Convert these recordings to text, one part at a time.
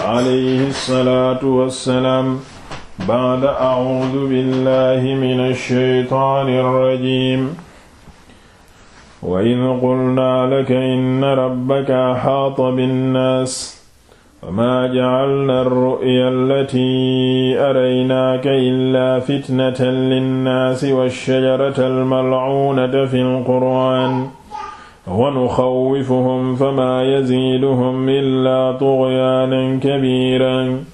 alayhi salaatu wassalaam baada a'uudu billahi mina shaytaani rajiim wa id qulnaa laka inna rabbaka axaata binnaas وما جعلنا الرؤيا التي أريناك إلا فتنة للناس والشجرة الملعونة في القرآن wa nuxawwifuhum famaa yaziiduhum illaa tughyanan kabiiran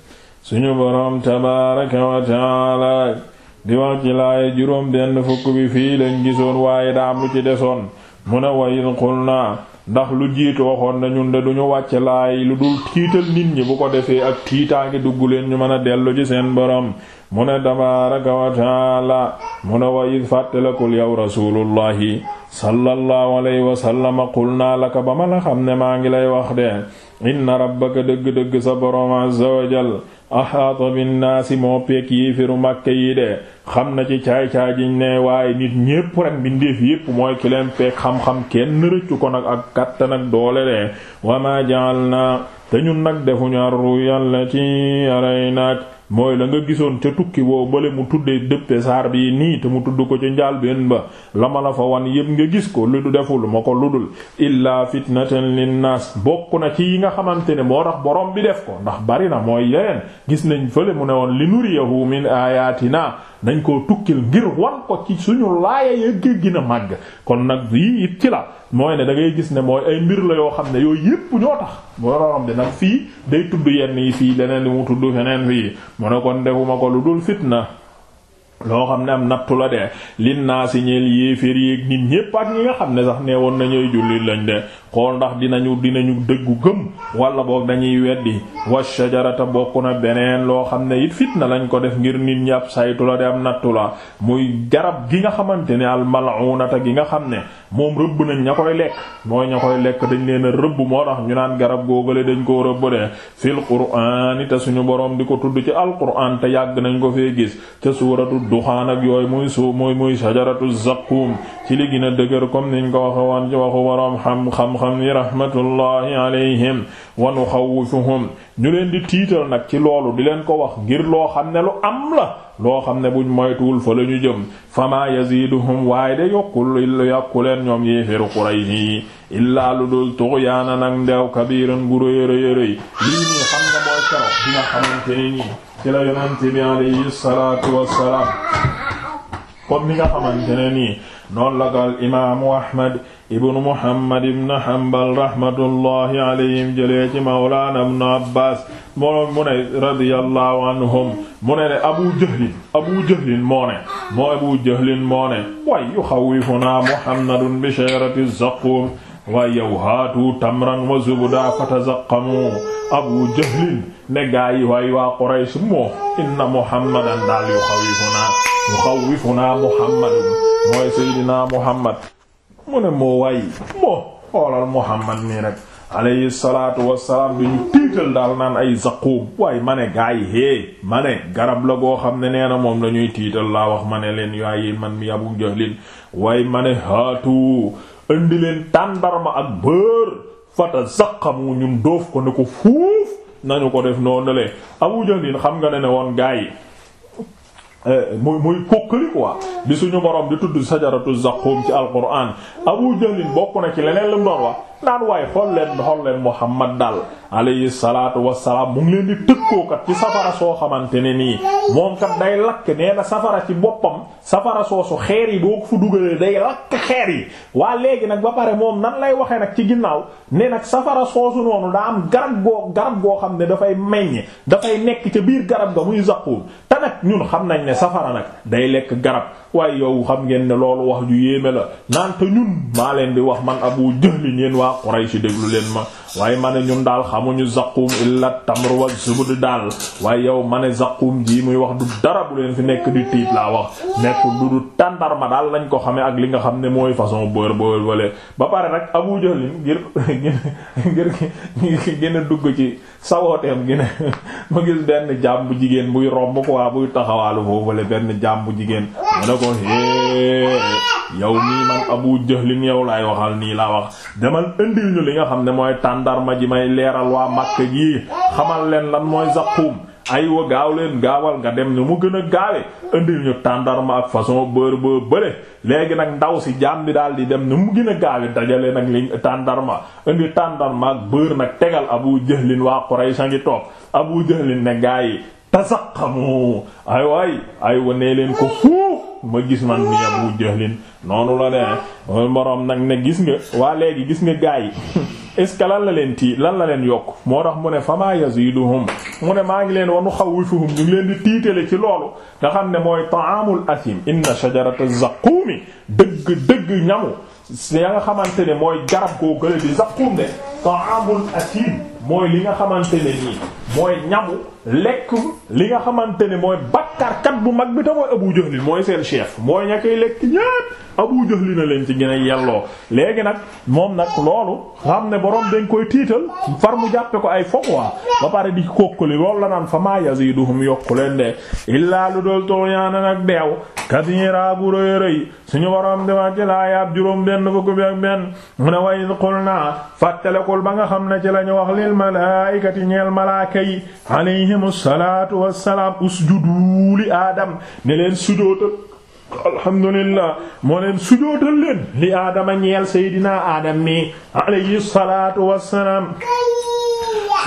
suñu boroom tabaaraka wa taala di wax ci laaya juróom benn fukk bi fii lañ gisoon waaye daam lu ci desoon mu ne wa id qulna ndax lu jiitu waxoon nañun de duñu wàcc laay lu dul tiital nit ñi bu ko defee ak tiitaangi dugg leen ñu mën a dellu ci seen borom mu ne tabaaraka wa taala mu ne wa id fàttalakul yow rasulullahi sallallahu alayhi wa sallam qulna laka ba ma la xam ne maa ngi lay wax de inna rabbaka dëgg-dëgg sa borom azza wa jal ahaata binnaasi moo peek yii firu màkke yi de xam na ci caay-caay jiñ ne waaye nit ñépp rek mbindeef yépp mooy ki leen peeg xam-xam kenn rëccu ko nag ak kàttan doole lee wama jaal na te ñun nag defuñu arru yàlla ci aray naak mooy la nga gisoon ca tukki boo bale mu tuddee dëppe saar bi nii te mu tudd ko ca njaal benn ba la ma la fa wan yépp nga gis ko lu du deful ma ko lu ludul illaa fitnatan linnaas bokk na ci yi nga xamante ne moo tax borom bi def ko ndax bari na mooy yeneen gis nañ fële mu ne woon dañ koo tukkil ngir wan ko ci suñu laaya géej gën a màgg kon nag yii it ci la mooy ne da ngay gis ne mooy ay mbir la yoo xam ne yooyu yépp ñoo tax mu rorom bi nag fii day tudd yenn yi fii leneen li mu tudd feneen fii mu ne kon defuma ko lu dul fitna loo xam ne am nattu de lin naa si ñeel yéeféer yéeg nit ñépp ak ñi nga xam ne sax nee woon nañuy jullit lañ de xool ndax dinañu dinañu dëggu gëm wala boog dañuy weddi wa shajarata bokk na beneen loo xam ne it fitna lañ ko def ngir nit ñi ab saytu la de am nattu muy garab gi nga xamante ne al mal'unata gi nga xam ne moom rëbb nañ ña koy lekk mooy ña koy lekk dañ leen a rëbb moo tax ñu naan garab googale dañ koo rëbb de fil qur'aan te suñu borom di ko tudd ci alqur'aan te yàgg nañ ko fee gis ca suuratu duxaan ak yooyu muy suuf muy muy sajaratu zaqqum ci li gën a dëgër comme niñ ko waxe woon ci waxu waroom xam xam-xam yi rahmatullahi alayhim wa nuxawwifuhum ñu leen di tiital nag ci loolu di leen ko wax ngir loo xam ne lu am la loo xam ne buñ moytuwul fa la ñu jëm fama yaziduhum waaye de yokkul lu yàkku leen ñoom yéeféru Quraysh yi illaa lu dul tuxyaana nag ndeew kabiiran gu réy réy réy keroog bi nga xamante ne nii ci la yonent bi alayhi salaatu wassalaam comme ni nga xamante ne nii noonu la ko al imaamu ahmad ibnu muhammad ibnu hanbal rahmatullahi alayhim jëlee ci mawlaana ibnu abbaas moom mu ne radiyallahu anhum mu ne ne abu jahlin abu jahlin moo ne moo abu jahlin moo ne way yuxawwifunaa muhammadun bi shajarati zaqqum waaye yow haatu tamran wa zubda fatazaqamu abu jahlin ne gaa yi waay waa quraysh moo inna muhammadan daal yuxawifunaa yuxawifunaa muhammadun mooy seydinaa muhammad mu ne moo waay moo xoolal muhammad nii rek alayhi salaatu wassalaam bi ñu tiital daal naan ay zaquum waaye ma ne gaa hee ma ne garab la goo xam ne nee moom la ñuy tiital laa wax ma ne leen waaye man mi abu jahlin waaye ma ne haatu indi leen tàndarma ak bër fata zaqamu ñun doof ko ne ko fuuf nañu ko def noonu le Abu Jahl xam nga ne ne woon gaa yi Eh, muy muy kókkali quoi di suñu borom di tudd sajaratu zaqum ci alquran abu jahlin bokk na ci leneen lu mu wa wax naan waaye xool leen xool leen muhammad daal alayhi salaatu wassalaam mu ngi leen di tëkkookat ci safara soo xamante ne nii moom kat day lakk nee na safara ci boppam safara soosu xeer yi boo fu dugalee day lakk xeer yi waa léegi nag ba pare moom nan lay waxee nag ci ginnaaw ne nag safara soosu noonu daa am garab goo garab goo xam ne dafay meññ dafay nekk ca biir garab ga muy ñun xam nañ ne safara nag day lekk garab waaye yow xam ngeen ne loolu wax ju yéeme la naan te ñun maa leen di wax man a Abu Jahl yéen waa Quraysh déglu leen ma waaye ma ne ñun daal xamuñu zaqum illa tamr wa zubd daal waaye yow ma ne zaqum ji muy wax du dara bu leen fi nekk di tiit laa wax nekk du du tàndarma daal lañ ko xamee ak li nga xam ne mooy façon boor boor wala ba pare nag Abu Jahl ngir ngir gën a dugg ci sawooteem gi ne ma gis benn jàmbu jigéen buy romb ko waa buy taxawaalu foofu wala benn jàmbu jigéen mu ne ko yow nii man abu jahlin yow laay waxal nii laa wax demal indi li nga xam ne mooy tàndarma ji may leeral waa Makka gi xamal leen lan mooy zaqum aywa gaaw leen gaawal nga dem ñu mu gën a gaawe indil ñu tàndarma ak façon bër ba bële léegi nag ndaw si jaam bi daal di dem ñu mu gën a gaawe dajale nag li tàndarma indi tàndarma ak bër nag tegal abu jahlin waa Quraysh a ngi toog abu jahlin ne gaa yi tasaqamu ay aywa nee leen ko fu ma gis man mi Abu Jahlin noonu la ne borom nag ne gis nga waa léegi gis nga gaa yi est-ce que lan la leen tii lan la leen yokk moo tax mu ne fama yaziduhum mu ne maa ngi leen wanu xawwifuhum ñu ngi leen di tiitale ci loolu nga xam ne mooy ta'amul asim inna shajarata zaqqumi dëgg dëgg ñamu ya nga xamante ne mooy garab koo gële di zaqqum de ta'amul asim mooy li nga xamante ne nii mooy ñamu lekk li nga xamante ne mooy bakkaarkat bu mag bi te mooy Abu Jahl mooy seen chef mooy ña koy lekk ñépp Abu Jahl na leen ci gën a yelloo léegi nag moom nag loolu xam ne borom dañ koy tiital far mu jàppe ko ay fokk waa ba pare di kokkali loolu la naan fa maa yaziduhum yokku leen de illaa lu dool tooyaana nag beew kasiira bu rëy rëy suñu borom di wax ci laa yaab juróom benn fukk bi ak benn mu ne way qul naa fàttalekul ba nga xam ne ci lañu wax lil malaa'ikati alayhimu salaatu wassalaam usjudu li aadam ne leen sujootal alhamdulillah moo leen sujootal leen li aadama ñeel seydinaa aadam mi alayhi salaatu wassalaam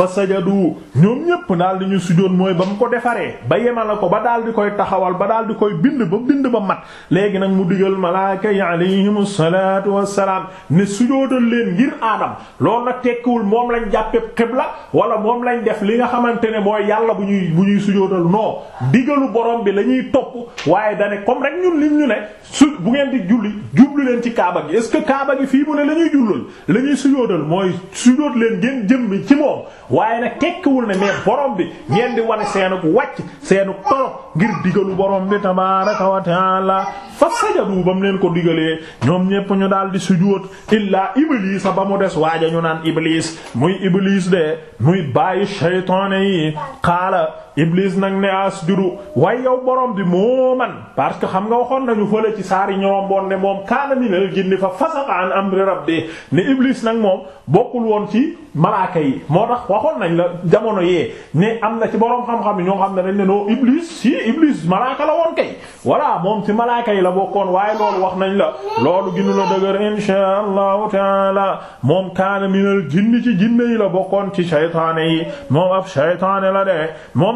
fa sajadu ñoom ñépp daal di ñu sujjóot mooy ba mu ko defaree ba yemale ko ba daal di koy taxawal ba daal di koy bind ba bind ba mat léegi nag mu digal malaaka yi alayhimu salaatu wassalaam ne sujjóotal leen ngir aadam loolu nag tekkiwul moom lañ jàppee xibla wala moom lañ def li nga xamante ne mooy yàlla bu ñuy bu ñuy sujjóotal non digalu borom bi la ñuy topp waaye da ne comme rek ñun li ñu ne su bu ngeen di julli jublu leen ci kaaba gi est-ce que kaaba gi fii mu ne la ñuy jullal la ñuy sujjóotal mooy sujjóot leen ngeen jëm ci moom waaye nag tekkiwul na mais borom bi ngeen di wane seenuk wàcc seenuk torop ngir digalu borom bi tabaaraka wa taala fa sajadu ba mu leen ko digalee ñoom ñépp ñu daal di sujóot illaa iblis ba mu des waaja ñu naan iblis muy iblis de muy bàyyi shaytaane yi xaala Iblis nag ne asjudu waaye yow borom bi moo man parce que xam nga waxoon nañu fële ci saari ñoromboon ne moom kaana minal jinni fa fasaqa an amri rabbi ne Iblis nag moom bokkul woon ci malaaka yi moo tax waxoon nañ la jamono yee ne am na ci borom xam-xam yi ñoo xam ne dañ ne noo Iblis si Iblis malaaka la woon kay voilà moom si malaaka yi la bokkoon waaye loolu wax nañ la loolu ginu la dëgër insha allahu taala moom kaana minal jinni ci jinne yi bokkoon ci saytaane yi moom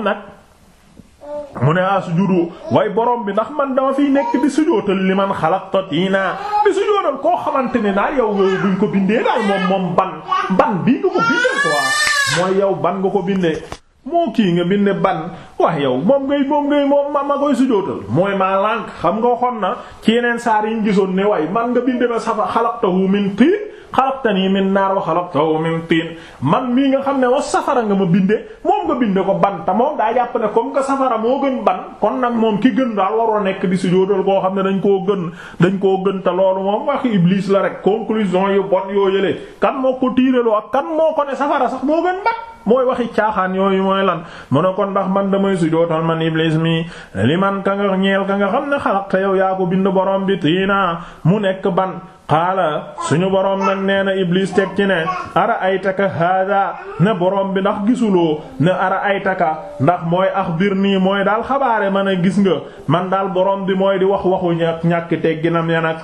ab mu ne asjudu ah way borom bi ndax man dama fiy nekk di sujootal li man xalaqta tiina di sujootal koo xamante ne daal yow duñ ko bindee daal moom moom ban ban bii nga ko bindee quoi mooy yow ban nga ko bindee. moo kii nga bind ban wax yow moom ngay moom ngay moom ma ma koy sujootal mooy maa lànk xam nga waxoon na ci yeneen saar yi ñu gisoon ne way man nga bindee ba safa xalaqtahu min tiin xalaqtanii min naar wa xalaqtahu min tiin man mii nga xam ne wa safara nga ma binde moom nga binde ko ban te moom daa jàpp ne comme que safara moo gën ban kon nag moom ki gën daal waroo nekk di sujjóotal koo xam ne dañ koo gën dañ koo gën te loolu moom waxi Iblis la rek conclusion yu bon yoo yëlee kan moo ko tiiraloo ak kan moo ko ne safara sax moo gën ban mooy waxi caaxaan yooyu mooy lan mu ne kon ndax man damay sujjóotal man Iblis mi li man ka nga yow yaa ko bind borom bi tiinaa mu nekk ban qaala suñu borom nag nee na Iblis teg ci ne ara aytaka haada ne borom bi ndax gisuloo ne ara taka ndax mooy axbir nii mooy daal xabaare ma ne gis nga man daal borom bi mooy di wax waxu ñàkk ñàkk ginam ya nag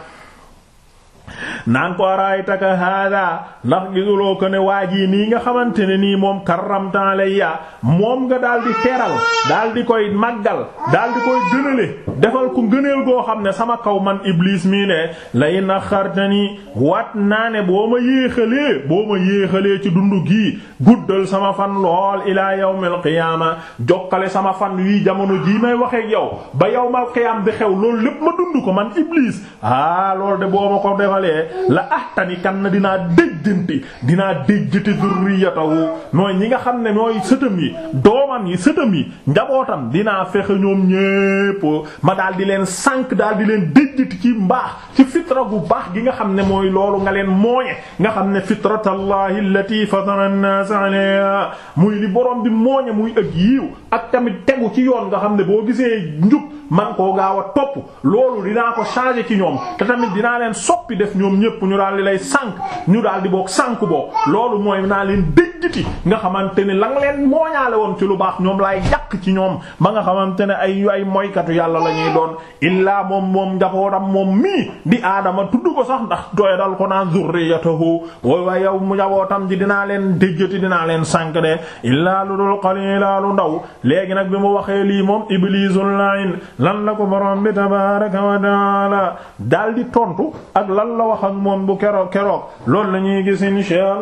naan ko araytaka hada ndax gisuloo ko ne waa jii nii nga xamante ne nii moom karramta alayya moom nga daal di teral daal di koy màggal daal di koy gënale defal ko gëneel goo xam ne sama kaw man iblis mii ne lay na xartani wat naa ne boo ma yéexalee boo ma yéexalee ci dund gii guddal sama fan lool ilaa yawmil qiyaama jokkale sama fan wii jamono jii may waxee yow ba yawmal qiyaam bi xew loolu lépp ma dund ko man iblis ah loolu de boo ma ko defalee la ahtani kan na dinaa déjjanti dinaa déjjati zurriyatahu mooy ñi nga xam ne mooy sëtam yi doomam yi sëtam yi njabootam dinaa fexe ñoom ñépp ma daal di leen sànq daal di leen déjjati ci mbaax ci fitra gu baax gi nga xam ne mooy loolu nga leen mooñe nga xam ne fitratallahi allati fatara an-nas alayha muy li borom bi mooñe muy ak yiiw ak tamit tegu ci yoon nga xam ne boo gisee njub man koo gaaw a topp loolu dinaa ko changer ci ñoom te tamit dinaa leen soppi def ñoom ñépp ñu daal di lay sànk ñu daal di boog sànk boog loolu mooy naa leen dëj biti nga xamante ni lang leen mooñaale woon ci lu baax ñoom laay yàq ci ñoom ba nga xamante ne ay ay moykatu yàlla la ñuy doon illaa moom moom njabootam moom mii di aadama tudd ko sax ndax doya dal ko naan zurriyatahu wooy waay yow mu tam ji dinaa leen déjjati dinaa leen sànk de illaa lu dul qalila lu ndaw léegi nag bi mu waxee lii moom iblisul la'in lan la ko borom bi tabaraka wa taala daal di tontu ak lan la wax moom bu keroog keroog loolu la gis insha